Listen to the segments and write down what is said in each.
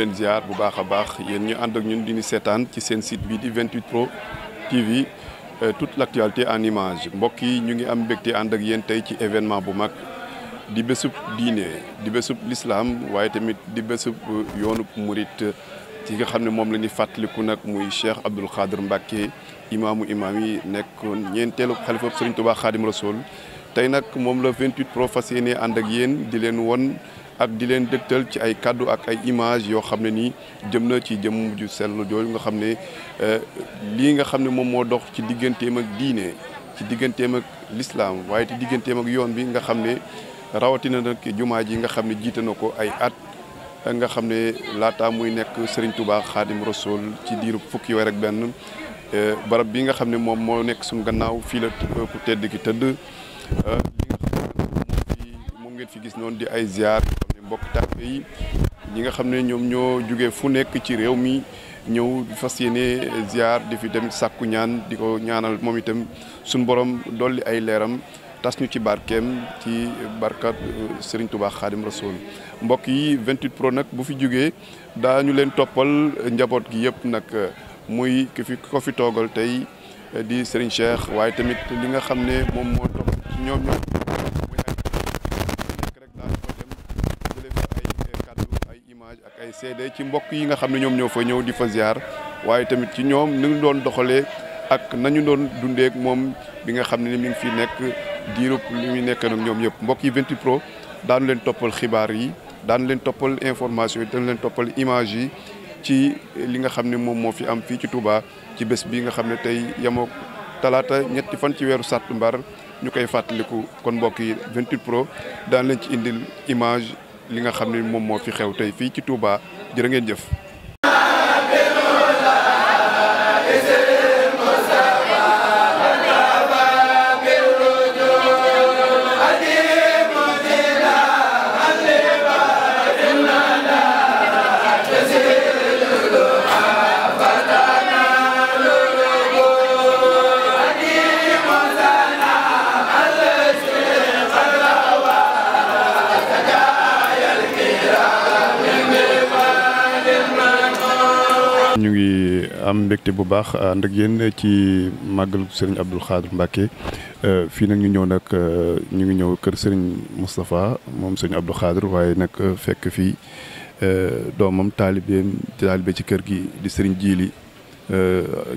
leen ziar bu baax a baax yéen ñu ànd ak ñun di ñu seetaan ci seen site bi di 28 Pro TV euh, toute l' actualité en image mbokk yi ñu ngi am mbégte ànd ak yéen tey ci événement bu mag di bésub diine di bésub lislaam waaye tamit di bésub euh, yoonub murit ci nga xam ne moom la ñuy fàttaliku nag muy Cheikh Abdoul Khadir Mbacke imaamu imaam yi nekkoon ñeenteelu xalifa Serigne Touba Khadim Rasoul tey nag moom la 28 Pro fas yéene ànd ak yéen di leen won ak di leen dëgtal ci ay kàddu ak ay image yoo xam ne nii jëm na ci jëm ju sell jooju nga xam ne euh, lii nga xam ne moom moo dox ci digganteem ak diine ci digganteem ak lislaam waaye ci digganteem ak yoon bi nga xam ne rawatina nag jumaa ji nga xam ne jiite na ko ay at nga xam ne laataa muy nekk sëriñ tubaax Xaadim Rasoul ci diiru fukki weer ak benn euh, barab bi nga xam ne moom moo nekk suñu gannaaw fii la ku tedd ki tëdd euh, moom ngeen fi gis noonu di ay ziar bokk taalibe yi ñi nga xam ne ñoom ñoo jóge fu nekk ci réew mi ñëw fas yéene ziar di fi dem sàkku ñaan di ko ñaanal moom itam suñu borom dolli ay leeram tas ñu ci barkeem ci barkat euh, Serigne Touba Xaadim Rasoul mbokk yi 28 pro nag bu fi jógee daañu leen toppal njaboot gi yëpp nag muy ki ko fi toogal tey di Serigne Cheikh waaye tamit li nga xam ne moom moo topp ci ñoom image ak ay ci mbokk yi nga xam ne ñoom ñoo fa ñëw di fa ziar waaye tamit ci ñoom ni ñu doon doxalee ak nañu doon dundeek moom bi nga xam ne ni mi ngi fi nekk diirub li muy nekk nag ñoom yëpp mbokk yi 28 pro daanu leen toppal xibaar yi daanu leen toppal information yi daanu leen toppal image yi ci li nga xam ne moom moo fi am fii ci Touba ci bés bi nga xam ne tey yemoo talaata ñetti fan ci weeru sàtt mbar ñu koy fàttaliku kon mbokk yi 28 pro daan leen ci indil image li nga xam ne moom moo fi xew tey fii ci Touba jërë ngeen jëf. am mbégte bu baax ànd ak yéen ci màggal sëriñ Abdou Khadre Mbacké euh, fii nag ñu ñëw nag euh, ñu ngi ñëw kër sëriñ Moustapha moom sëriñ Abdou Khadre waaye nag euh, fekk fii doomam taalibeem taalibe ci kër gi di sëriñ Jili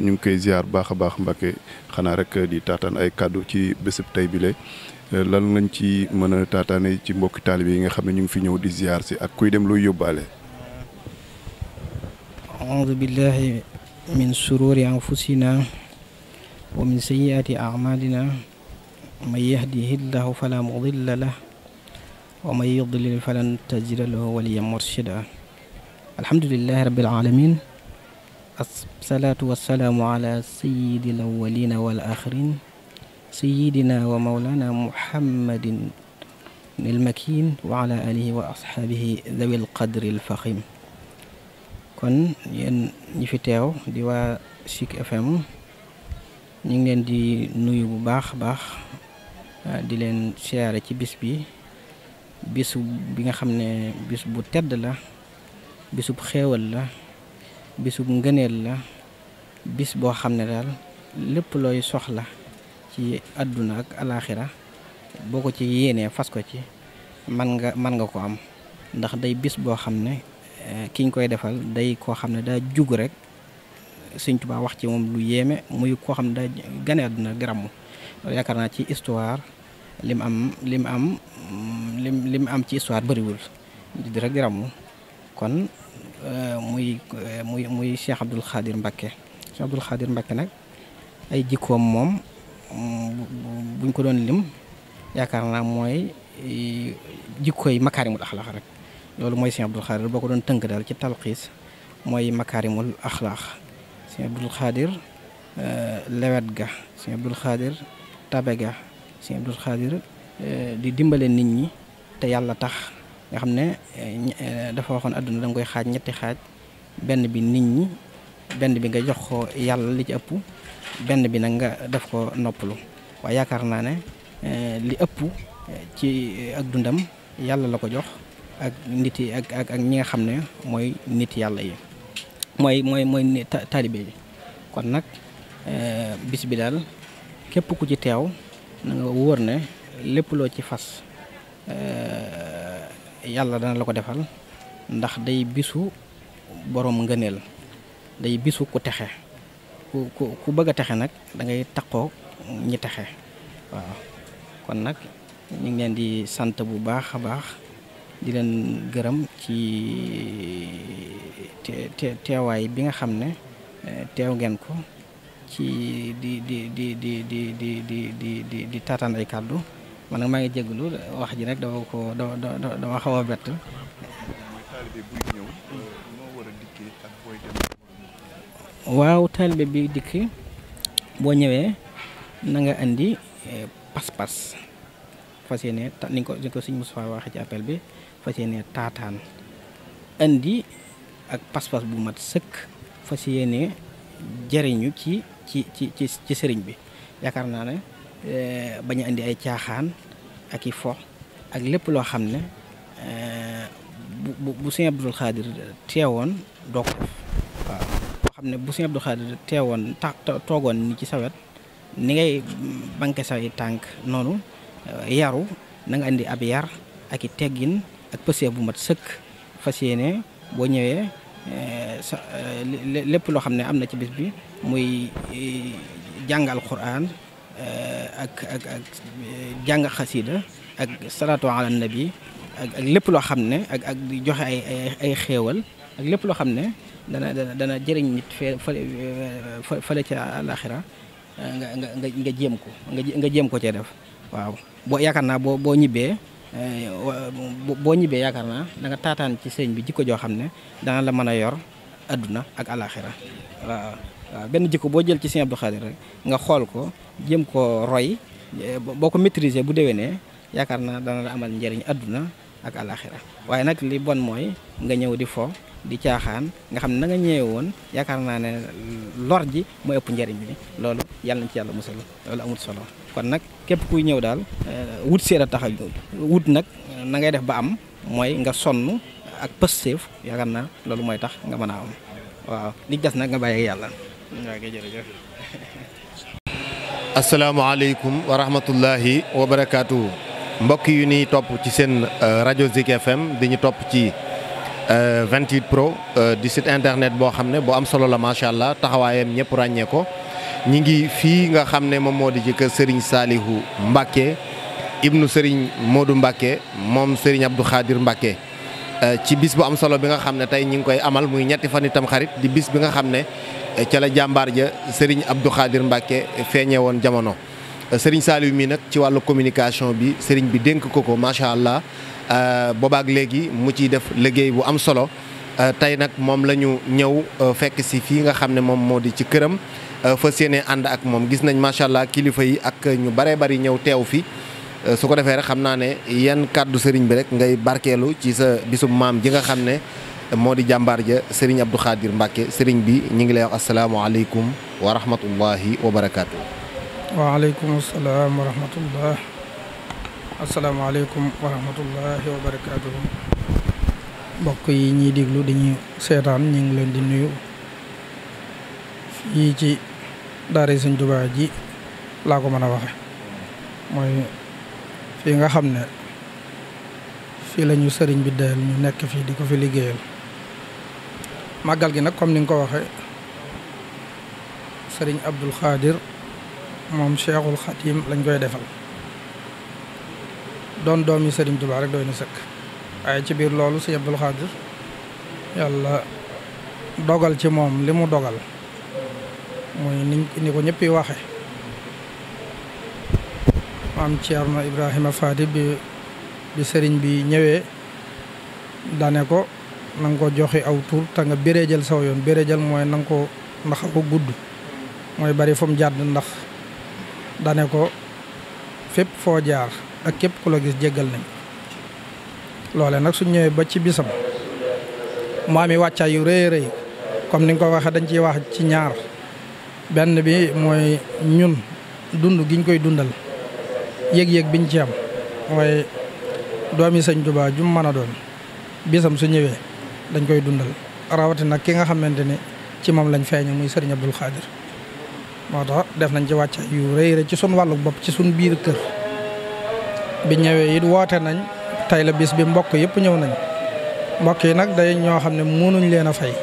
ñu ngi koy ziar baax a baax Mbacké xanaa rek di taataan ay kàddu ci bésub tey bile lan lañ ci mën a taataane ci mbokki taalibe yi nga xam ne ñu ngi fi ñëw di ziar si ak kuy dem luy yóbbaale. من شرور أنفسنا ومن سيئات أعمالنا من يهده الله فلا مضل له ومن يضلل فلن تجد له وليا مرشدا الحمد لله رب العالمين الصلاة والسلام على سيد الأولين والآخرين سيدنا ومولانا محمد المكين وعلى آله وأصحابه ذوي القدر الفخيم kon yéen ñi fi teew di waa Chic FM ñu ngi leen di nuyu bu baax baax ah, di leen siyaare ci bis bi bisu bi nga xam ne bis bu tedd la bisub xéewal la bisub ngëneel la bis boo xam ne daal lépp looy soxla ci àdduna ak alaaxira boo ko ci yéenee fas ko ci man nga man nga ko am ndax day bis boo xam ne Eh, ki koy defal day koo xam ne daa jug rek Sëñ Tuubaa wax ci moom lu yéeme muy koo xam ne daa gane àdduna garamu yaakaar naa ci histoire lim am lim am lim lim am ci histoire bëriwul di rek garamu kon eh, muy eh, muy muy Cheikh Abdoul Khadir Mbacké Cheikh Abdoul nag ay jikkoom moom mm, buñ ko doon lim yaakaar naa mooy jikkooy makaarimul axlaax rek loolu mooy sëñ Abdul Xaadir boo ko doon tënk daal ci talxiis mooy makaarimul axlaax sëñ Abdul Xaadir euh, lewet ga sëñ Abdul Xaadir tabe ga sëñ Abdul Xaadir euh, di dimbale nit ñi te yàlla tax nga xam ne euh, dafa waxoon àdduna da koy xaaj ñetti xaaj benn bi nit ñi benn bi nga jox ko yàlla li ci ëpp benn bi nag nga def ko noppalu waaye yaakaar naa ne li ëpp ci ak dundam yàlla la ko jox ak nit yi ak ak ak ñi nga xam ne mooy nit yàlla yi mooy mooy mooy taalibe yi kon nag eh, bis bi daal képp ku ci teew na nga wóor ne lépp loo ci fas eh, yàlla dana la ko defal ndax day bisu borom ngëneel day bisu ku texe ku ku ku bëgg texe nag dangay ngay ñi texe waaw kon nag ñu leen di sant bu baax a baax. di leen gërëm ci teewaay bi nga xam ne eh, teew ngeen ko ci di di di di di di di di di taataan ay kàddu man nag maa ngi jégalu wax ji nag dama ko dama dama xaw a bett. waaw taalibe bi dikk boo ñëwee na nga andi eh, pas-pas fas yéene ni ko ni ko sëñ Moustapha waxee ci appel bi fas yéene taataan andi ak pas-pas bu mat sëkk fas yéene jëriñu ci ci ci ci sëriñ bi yaakaar naa ne eh, bañ indi ay caaxaan ak i fo ak lépp loo xam ne eh, bu bu sëñ Abdul Xaadir teewoon doo ko waaw loo xam ne bu sëñ Abdul Xaadir teewoon ta toogoon ni ci sawet ni ngay banque say tànk noonu eh, yaru na nga indi ab yar ak i teggin ak pësee bu mat sëkk fas yéene boo ñëwee eh, sa eh, lépp loo xam ne am na ci bis bi muy eh, jàng alquran ak ak ak jàng xasida ak salaatu ala nabi ak lépp loo xam ne ak ak di joxe ay ay xéewal ak lépp loo xam ne dana dana dana jëriñ nit fee fale fale ca àlaxira nga nga nga jéem ko nga jéem ko cee def waaw boo yaakaar naa boo boo ñibbee Eh, boo ñibbee yaakaar naa da nga taataan ci sëñ bi jikko joo xam ne dana la mën a yor àdduna ak alaxira waaw waaw benn jikko boo jël ci seen Abdou Khadir rek nga xool ko jëm ko roy eh, boo ko maîtriser bu déwénee yaakaar naa dana la amal njëriñ àdduna ak alaxira waaye nag li bon mooy nga ñëw di fo di caaxaan nga xam ne na nga ñëwee woon yaakaar naa ne lor ji moo ëpp njëriñ bi loolu yàlla na ci yàlla musal loolu amul solo kon nag képp kuy ñëw daal euh, wut seet a tax a wut nag euh, na ngay def ba am mooy nga sonn ak pësteef yaakaar naa loolu mooy tax nga mën a am waaw li des nag nga bàyyi yàlla. waaw kay jërëjëf. asalaamaaleykum wa rahmatullahi wa barakaatu. mbokk yu ni topp ci seen euh, rajo Zik FM di ñu topp ci. 28 euh, Pro euh, di site internet boo xam ne boo am solo la macha allah taxawaayam ñëpp ràññeeko ko ñi ngi fii nga xam ne moom moo di ci kër Serigne Salihu Mbacke ibnu Serigne Modou Mbacke moom Serigne Abdou Khadir Mbacke. Euh, ci bis bu am solo bi nga xam ne tey ñi ngi koy amal muy ñetti fan itam xarit di bis bi nga xam ne ca la jàmbaar ja Serigne Abdou Khadir Mbacke feeñee woon jamono. Euh, sëriñ Saliou mii nag ci wàllu communication bi sëriñ bi dénk ko ko macha allah euh, boobaak léegi mu ciy def liggéey bu am solo euh, tey nag moom la ñu ñëw fekk si fii nga xam ne moom moo di ci këram fa yéene ànd ak moom gis nañ macha allah kilifa yi ak ñu baree bari ñëw teew fi su ko defee rek xam naa ne yan kàddu sëriñ bi rek ngay barkeelu ci sa bisub maam ji nga xam ne moo di jàmbaar ja sëriñ Abdou Khadir Mbacke sëriñ bi ñu ngi lay wax asalaamaaleykum wa rahmatullahi wa barakaatu. waaleykum salaam wa rahmatullah asalaamaaleykum wa rahmatullahi wa barakaatuhu yi ñuy déglu dañuy seetaan ñu ngi leen di nuyu fii ci daara Sëñ Tuubaa ji laa ko mën a waxe mooy fii nga xam ne fii la sëriñ bi dayal ñu nekk fii di ko fi liggéeyal màggal gi nag comme ni nga ko waxe sëriñ Abdul Xaadir moom Cheikhul Khadim lañ koy defal doon doom yi tubaar Touba rek doy na sëkk waaye ci biir loolu Sëriñ Abdul Xaadir yàlla dogal ci moom li mu dogal mooy ni ni ko ñëpp yi waxe maam Ceerno Ibrahima Faati bi bi sëriñ bi ñëwee dane ko nang ko joxe aw tur te nga béréjal saw yoon béréjal mooy na nga ko ndax ko gudd mooy bari fu mu jàdd ndax dane ko fépp foo jaar ak képp ku la gis jéggal nañ loole nag suñ ñëwee ba ci bisam mu ami wàccaay yu rëy rëy comme ni nga ko waxee dañ ciy wax ci ñaar benn bi mooy ñun dund giñ koy dundal yëg-yëg biñ ci am mooy doomi sëñ Tuubaa jum mën a doon bisam su ñëwee dañ koy dundal rawatina ki nga xamante ni ci moom lañ feeñe muy sëriñ Abdul Xaadir moo tax def nañ ci wàccaay yu rëy ci sunu wàllu bopp ci sunu biir kër bi ñëwee it woote nañ tey la bis bi mbokk yëpp ñëw nañ mbokk yi nag day ñoo xam ne mënuñ leen a fay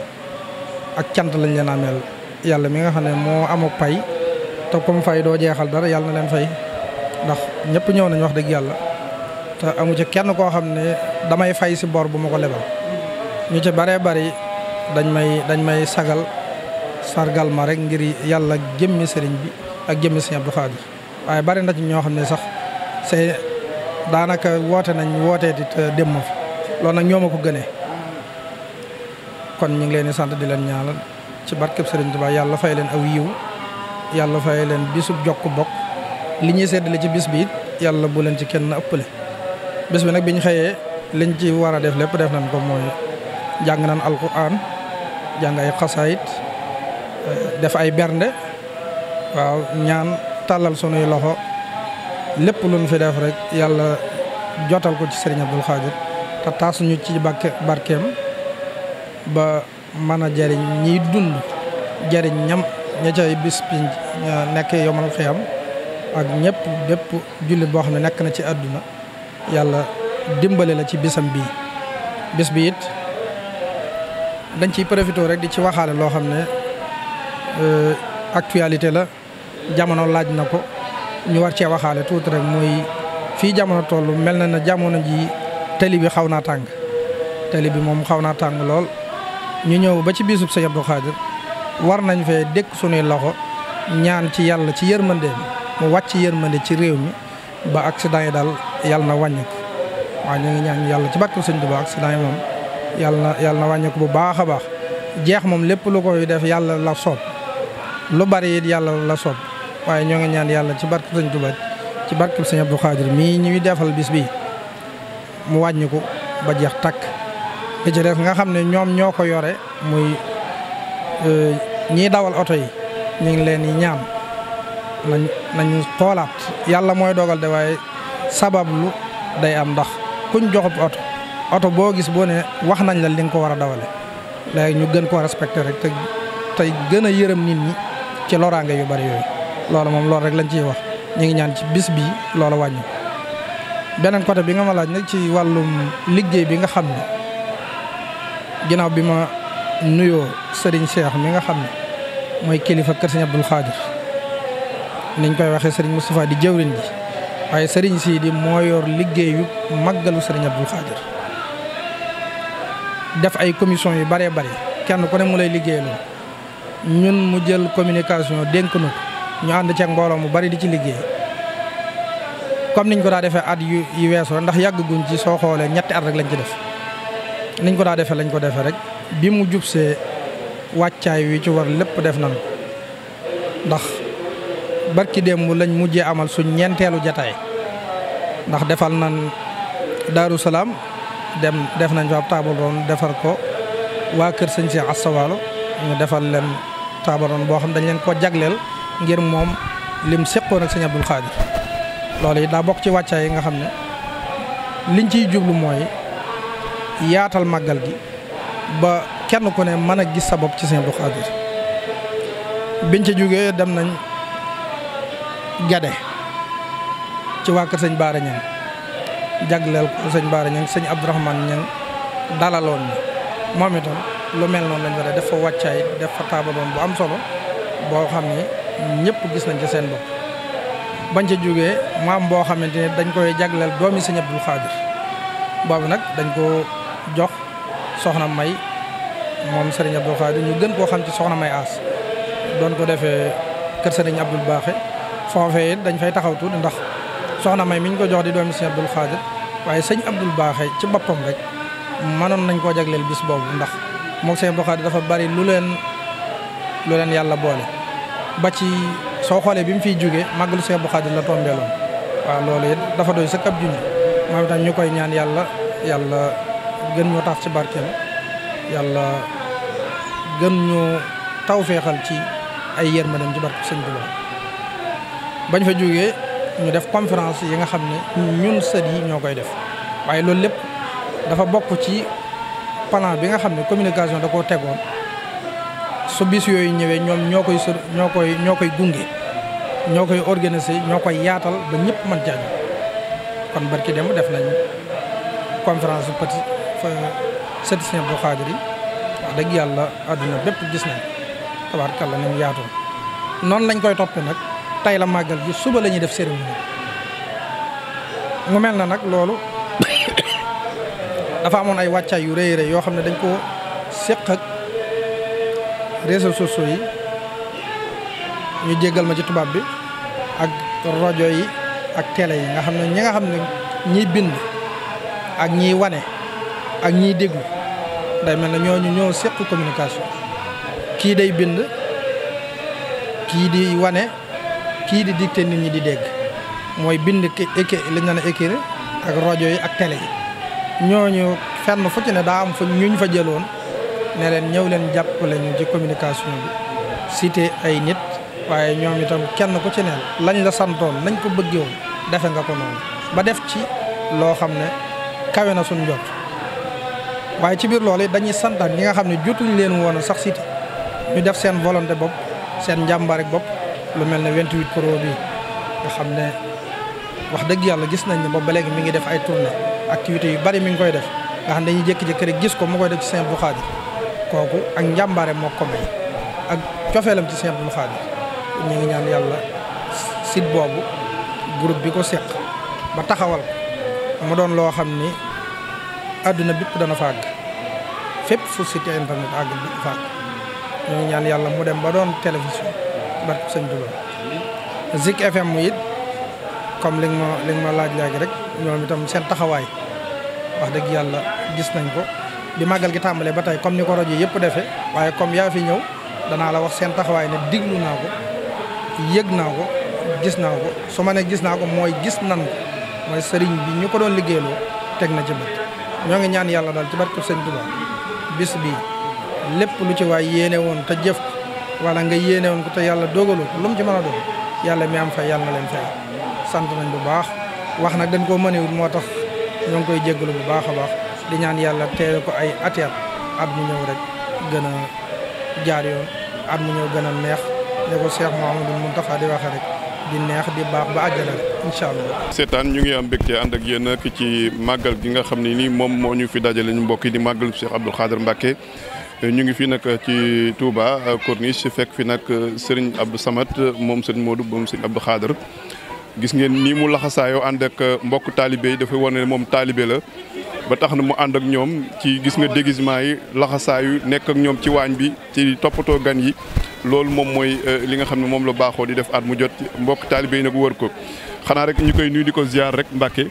ak cant lañ leen ameel yàlla mi nga xam ne moo amuk pay te comme fay doo jeexal dara yàlla na leen fay ndox ñëpp ñëw nañ wax dëgg yàlla te amu ci kenn koo xam ne damay fay si bor bu ma ko lebal ñu ci baree bari may dañ may sagal sargal ma rek ngir yàlla jëmmi sëriñ bi ak jëmmi sëriñ Abdou Khadir waaye bari na ñoo xam ne sax c'est daanaka woote nañ wooteeti te dem ma fi loolu nag ñoo ko gënee kon ñu ngi leen sant di leen ñaanal ci barkeb sëriñ Tuubaa yàlla fay leen aw yiw yàlla fay leen bisub jokk bokk li ñuy seddale ci bis bi yàlla bu leen ci kenn ëppale bis bi nag bi ñu xëyee liñ ci war a def lépp def nañ ko mooy jàng nañ alquran jàng ay xasaayit def ay bernde waaw ñaan tàllal sunuy loxo lépp lu ñu fi def rek yàlla jotal ko ci Serigne Abdoul Khadir te taas ñu ci barke barkeem ba mën a jariñ ñiy dund jariñ ñam ña cay bis bi nekk yomal xiyam ak ñëpp bépp jullit boo xam ne nekk na ci àdduna yàlla dimbali la ci bisam bii bis bi it dañ ci profité rek di ci waxaale loo xam ne Euh, actualité la jamono laaj na ko ñu war cee waxaale tuuti rek mooy fii jamono toll mel na ne jamono ji tali bi xaw naa tàng tali bi moom xaw naa tàng lool ñu ñëw ba ci bisub Sëñ Abdou Khadir war nañ fee dëkk sunuy loxo ñaan ci yàlla ci yërmandeem mu wàcc yërmande ci réew mi ba accident yi daal yàlla na wàññeeku waaw ñu ngi ñaan yàlla ci barke Sëñ Tuubaa accident yi moom yàlla na yàlla na wàññeeku bu baax a baax jeex moom lépp lu koy def yàlla la soob lu bari it yàlla la soob waaye ñoo ngi ñaan yàlla ci barke Sëñ Tuubaa ci barke Sëñ Abdou Khadir mii ñuy defal bis bi mu wàññi ko ba jeex takk li nga xam ne ñoom ñoo ko yore muy e, ñiy dawal oto yi ñu ngi leen di ñaam nañ nañu xoolaat yàlla mooy dogal de waaye sabablu day am ndax kuñ joxub oto oto boo gis boo ne wax nañ la li nga ko war a dawale léegi ñu gën koo respecté rek te tey gën yërëm nit ñi ci loraange yu bari yooyu loolu moom loolu rek lañ ciy wax ñu ngi ñaan ci bis bi loola wàññi beneen côté bi nga ma laaj nag ci wàllum liggéey bi nga xam ne ginnaaw bi ma nuyoo sëriñ Cheikh mi nga xam ne mooy kilifa kër Serigne Abdoul Khadir niñ koy waxee Serigne Moustapha di jëwriñ ji waaye Serigne Sidi moo yor liggéeyu màggalu Serigne Abdoul Khadir def ay commission yu baree bari kenn ku ne mu lay liggéeyaloo ñun mu jël communication dénk nu ñu ànd ceeg mbooloo mu bari di ci liggéey comme niñ ko daa defee at yu yu weesoo ndax yàgg guñ ci soo xoolee ñetti at rek lañ ci def niñ ko daa defee lañ ko defee rek bi mu jubsee wàccaay wi ci war lépp def nañ ndax barki démb lañ mujjee amal suñ ñeenteelu jataay ndax defal nañ Daaru Salaam dem def nañ fa ab table ron defar ko waa kër sëñ si Assawaalo ñu defal leen taabaroon boo xam dañ leen ko jagleel ngir moom lim seqoon ak sëñ Abdul Xaadir loolu daa bokk ci wàccaay yi nga xam ne liñ ciy jublu mooy yaatal màggal gi ba kenn ku ne mën a gis sa bopp ci sëñ Abdul Xaadir biñ ci jógee dem nañ gade ci waa kër sëñ Baara Ñang jagleel ko sëñ Baara Ñang sëñ Abdourahman Ñang dalaloon moom itam lu mel noonu lañ war a def fa wàccaay def fa taabaloon bu am solo boo xam ne ñëpp gis nañ ci seen bopp. bañ ca jógee maam boo xamante ne dañ koy jagleel doomi Sëñ Abdul Xaadir boobu nag dañ koo jox soxna May moom Serigne Abdul Xaadir ñu gën koo xam ci soxna May Aas doon ko defee kër Serigne Abdul Baaxe foofee dañ fay taxaw tuuti ndax soxna May mi ñu ko jox di doomi Sëñ Abdul Xaadir waaye Sëñ Abdul Baaxe ci boppam rek mënoon nañ koo jagleel bis boobu ndax. moom Sëñ Abdou Khadre dafa bari lu leen lu leen yàlla boole ba ci soo xoolee bi mu fiy jógee màggalu Sëñ Abdou Khadre la tombeeloon waaw loolu it dafa doy sëkk ab junj moom itam ñu koy ñaan yàlla yàlla gën ñoo tax ci barkeel yàlla gën ñoo tawféexal ci ay yërmandeem ci barke Sëñ Tuubaa bañ fa jógee ñu def conférence yi nga xam ne ñun sët yi ñoo koy def waaye loolu lépp dafa bokk ci plan bi nga xam ne communication da koo tegoon su bis yooyu ñëwee ñoom ñoo koy sur ñoo koy ñoo koy gunge ñoo koy organiser ñoo koy yaatal ba ñëpp man jàng kon barki dem def nañ conférence petit statisticien bu xaajar yi wax dëgg yàlla àdduna bépp gis nañ tabaarkàlla nañ yaatu noonu lañ koy toppee nag tey la màggal gi suba la ñuy def cérémonie mu mel na nag loolu dafa amoon ay wàccaay yu rëy rëy yoo xam ne dañ koo séq ak réseaux sociaux yi ñu jéggal ma ci tubaab bi ak rajo yi ak tele yi nga xam ne ñi nga xam ne ñiy bind ak ñiy wane ak ñii déglu day mel ne ñooñu ñoo séq communication kii day bind kii di wane kii di dicté nit ñi di dégg mooy bind ki li ñu naan écrire ak rajo yi ak tele yi ñooñu fenn fu ci ne daa am fu ñu fa jëloon ne leen ñëw leen jàppale ñu ci communication bi cité ay nit waaye ñoom itam kenn ku ci neen lañ la santoon nañ ko bëggee woon defe nga ko noonu ba def ci loo xam ne kawe na suñ jot waaye ci biir loolu dañuy santaat ñi nga xam ne jotuñ leen woon sax cité ñu def seen volonté bopp seen njàmbaare bopp lu mel ne 28 pro bi nga xam ne wax dëgg yàlla gis nañ ne boobu ba léegi mi ngi def ay tournée activités yu bari mi ngi koy def nga xam dañuy jékki-jékki rek gis ko mu koy def ci seen bu Khadir kooku ak njàmbaare moo ko may ak cofeelam ci Sëñ Abdou Khadir ñu ngi ñaan yàlla sit boobu groupe bi ko seq ba taxawal ko mu doon loo xam ni àdduna bépp dana fa àgg fépp fu site internet àgg bi fa àgg ñu ngi ñaan yàlla mu dem ba doon télévision ba sëñ Tuubaa Zik FM it comme li nga ma li nga ma laaj léegi rek ñoom itam seen taxawaay wax dëgg yàlla gis nañ ko bi màggal gi tàmbalee ba tey comme ni ko rajo yëpp defee waaye comme yaa fi ñëw danaa la wax seen taxawaay ne diglu naa ko yëg naa ko gis naa ko su ma ne gis naa ko mooy gis nan ko mooy sëriñ bi ñu ko doon liggéeyloo teg na ci bët ñoo ngi ñaan yàlla daal ci barke sëñ Tuubaa bis bi lépp lu ci waay yéene woon te jëf ko wala nga yéene woon ko te yàlla dogaloo ko lu ci mën a doon yàlla mi am fay yàlla na leen fay wax nag dañ ko mënewul moo tax ñoo ngi koy jégalu bu baax a baax di ñaan yàlla teel ko ay ati at mu ñëw rek gën a jaar yoon at mu ñëw gën a neex ne ko Cheikh Mouhamadou Mountakha di waxee rek di neex di baax ba àjjana incha allah. seetaan ñu ngi am mbégte ànd ak yéen ak ci màggal gi nga xam ne nii moom moo ñu fi dajalee ñu mbokk yi di màggalu Cheikh Abdoul Khader Mbacke. ñu ngi fi nag ci Touba Corniche fekk fi nag Serigne Abdou samat moom Serigne Modou moom Serigne Abdoul Khader. gis ngeen nii mu laxasaayoo ànd ak euh, mbokk taalibe yi dafay wane ne moom taalibe la ba tax na mu ànd ak ñoom ci gis nga déguisement yi laxasaayu nekk ak ñoom ci waañ bi ci toppatoo gan yi loolu moom mooy euh, li nga xam ne moom la baaxoo di def at mu jot mbokk taalibe yi nag wër ko xanaa rek ñu koy nuyu di ko ziar rek Mbàkke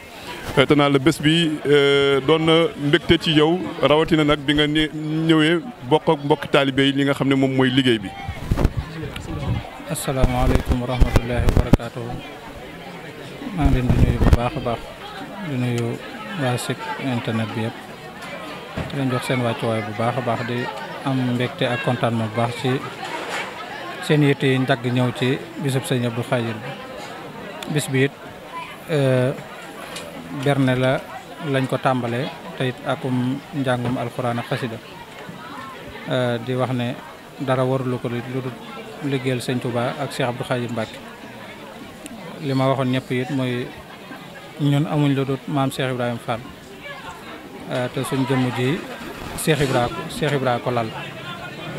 euh, te naa la bés bi doon na mbégte ci yow rawatina nag bi nga ñëwee bokk ak mbokk taalibe yi li nga xam ne moom mooy liggéey bi asalaamaaleykum wa maa ngi di nuyu bu baax a baax di nuyu waa site internet bi yëpp di seen wàccuwaay bu baax a baax di am mbégte ak kontaan bu baax ci seen yitte yi njàgg ñëw ci bisub sëñ bu Khadir bi bis bi it eh, berne la lañ ko tàmbalee te it akum njàngum alxuraan ak xasida eh, di wax ne dara warulu ko lu dul liggéeyal sëñ ak Cheikh Abdou Khadir Mbacke li ma waxoon ñëpp yit mooy ñun amuñ lu dul maam Cheikh Ibrahima Fall eh, te suñ jëmm ji Cheikh Ibra Cheikh Ibra ko lal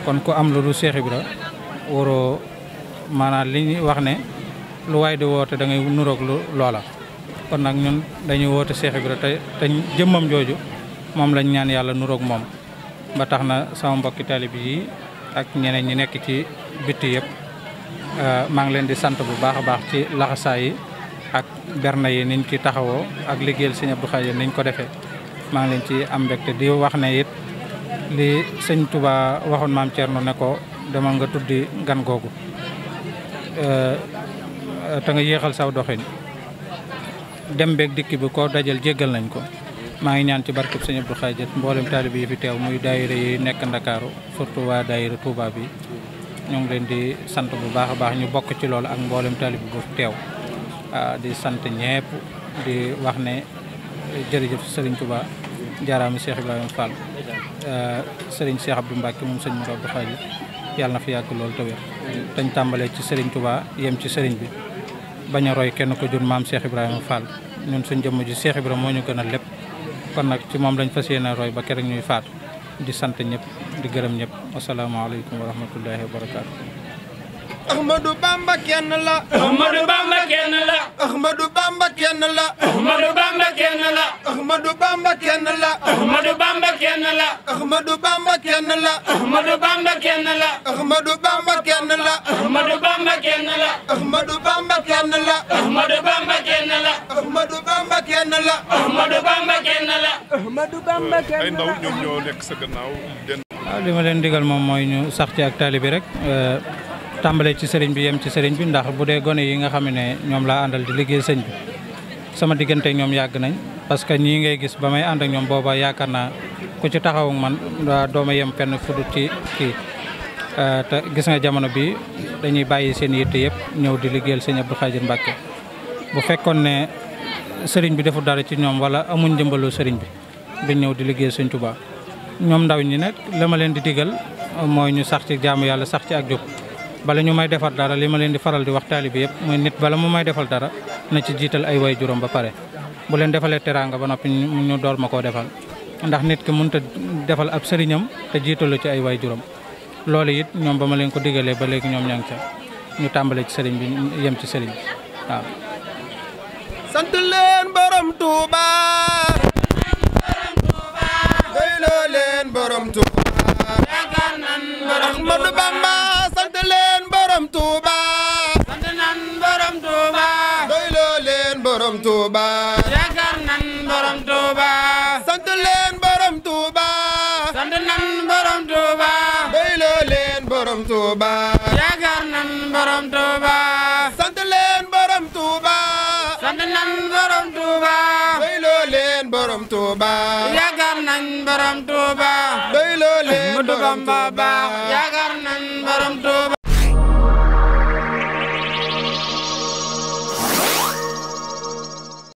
kon ku am lu dul Cheikh Ibra waroo maanaam li ñuy wax ne lu waay di woote dangay nuroog lu loola kon nag ñun dañuy woote Cheikh Ibra te te jëmmam jooju moom lañ ñaan yàlla nuroog moom ba tax na sama mbokki taalib yi ak ñeneen ñi nekk ci bitti yëpp Euh, maa ngi leen di sant bu baax a baax ci laxasaay yi ak berna yi niñ ci taxawoo ak liggéeyal sëñ Abdou Khadir niñ ko defee maa ngi leen ci am mbégte di wax na it li sëñ Touba waxoon maam Thierno ne ko dama nga tuddi gan googu euh, te nga yéexal saw doxin dem beeg dikk bi ko dajal jéggal nañ ko maa ngi ñaan ci barkeb sëñ Abdou Khadir mboolem taalib yi fi teew muy daayira yi nekk Ndakaaru surtout waa daayira Touba bi ñu ngi leen di sant bu baax a baax ñu bokk ci loolu ak mboolem taalib bu teew ah, di sant ñepp di wax ne jërëjëf Serigne Touba jaaraama Cheikh Ibrahima Fall ah, Serigne bu Abdou Mbacke moom sëñ Modou Abdou Khadre yàlla na fi yàgg loolu te dañ tàmbalee ci Serigne Touba yem ci Serigne bi bañ a roy kenn ko jur maam Cheikh Ibrahima Fall ñun suñ jëmm ji Cheikh Ibrahima moo ñu gënal lépp kon nag ci moom lañ fas yéene roy ba keroog ñuy faatu. di sant ñëpp di gërëm ñëpp asalaamaaleykum wa rahmatullahi wa barakaatu. Ahmadou Bamba kenn la. Ahmadou Bamba kenn la. Ahmadou Bamba kenn la. Ahmadou Bamba kenn la. Ahmadou Bamba kenn la. Ahmadou Bamba kenn la. Ahmadou Bamba kenn la. Ahmadou Bamba kenn la. Ahmadou Bamba kenn la. Ahmadou Bamba kenn la. Ahmadou Bamba kenn la. Ahmadou Bamba kenn la. Ahmadou Bamba kenn la. Ahmadou Bamba kenn la. Ahmadou Bamba kenn la. ay ndaw ñoom ñoo nekk sa gannaaw. waaw li ma leen digal moom mooy ñu sax ci ak taalibi rek. tàmbalee ci sëriñ bi yem ci sëriñ bi ndax bu dee gone yi nga xam ne ñoom laa àndal di liggéey sëñ bi sama diggante ak ñoom yàgg nañ parce que ñii ngay gis ba may ànd ak ñoom booba yaakaar naa ku ci taxawu man dooma yem fenn fudut ci kii euh, te gis nga jamono bi dañuy bàyyi seen yitte yëpp ñëw di liggéeyal sëñ Abdou Khadir Mbacke bu fekkoon ne sëriñ bi defu dara ci ñoom wala amuñ dimbalu sëriñ bi biñ ñëw di liggéeyal sëñ Touba ñoom ndaw ñi nag la ma leen di digal mooy ñu sax ci yàlla sax ci ak bala ñu may defar dara li ma leen di faral di wax taalibe yëpp muy nit bala mu may defal dara na ci jiital ay way juróom ba pare bu leen defalee teraanga ba noppi ñu door ma koo defal ndax nit ki mënut a defal ab sëriñam te jiitalu ci ay way juróom loolu it ñoom ba ma leen ko digalee ba léegi ñoom ña ngi ñu tàmbale ci sëriñ bi yem ci sëriñ bi waaw borom Touba. yaakaar nan borom Touba. sant leen borom nan borom Touba. doyloo leen nan borom Touba.